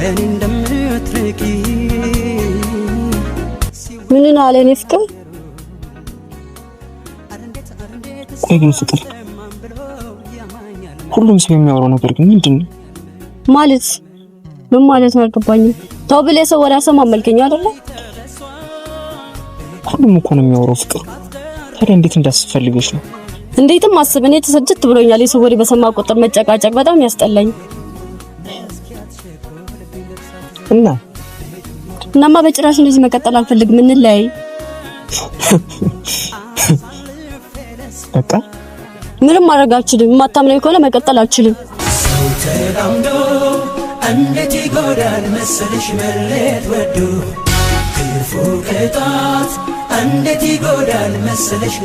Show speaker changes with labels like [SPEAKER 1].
[SPEAKER 1] ከኔ እንደምትርቂ ምንን አለ እኔ ፍቅር?
[SPEAKER 2] ቆይ ግን ፍቅር ሁሉም ሰው የሚያወራው ነገር ግን ምንድን ነው
[SPEAKER 1] ማለት? ምን ማለት ነው አልገባኝም። ተው ብለህ ሰው ወደ ሰማ አመልከኝ አይደለ?
[SPEAKER 2] ሁሉም እኮ ነው የሚያወራው ፍቅር። ታዲያ እንዴት እንዳስፈልገች ነው?
[SPEAKER 1] እንዴትም አስብ። እኔ ተሰጅት ብሎኛል። የሰው ወሬ በሰማ ቁጥር መጨቃጨቅ በጣም ያስጠላኝ። እና እናማ በጭራሽ እንደዚህ መቀጠል አልፈልግም። እንለያይ በቃ። ምንም ማድረግ አልችልም። የማታምነኝ ከሆነ መቀጠል አልችልም። ተላምዶ እንዴት ይጎዳል መሰለሽ መለየት ወዶ ክፉ ቅጣት እንዴት ይጎዳል መሰለሽ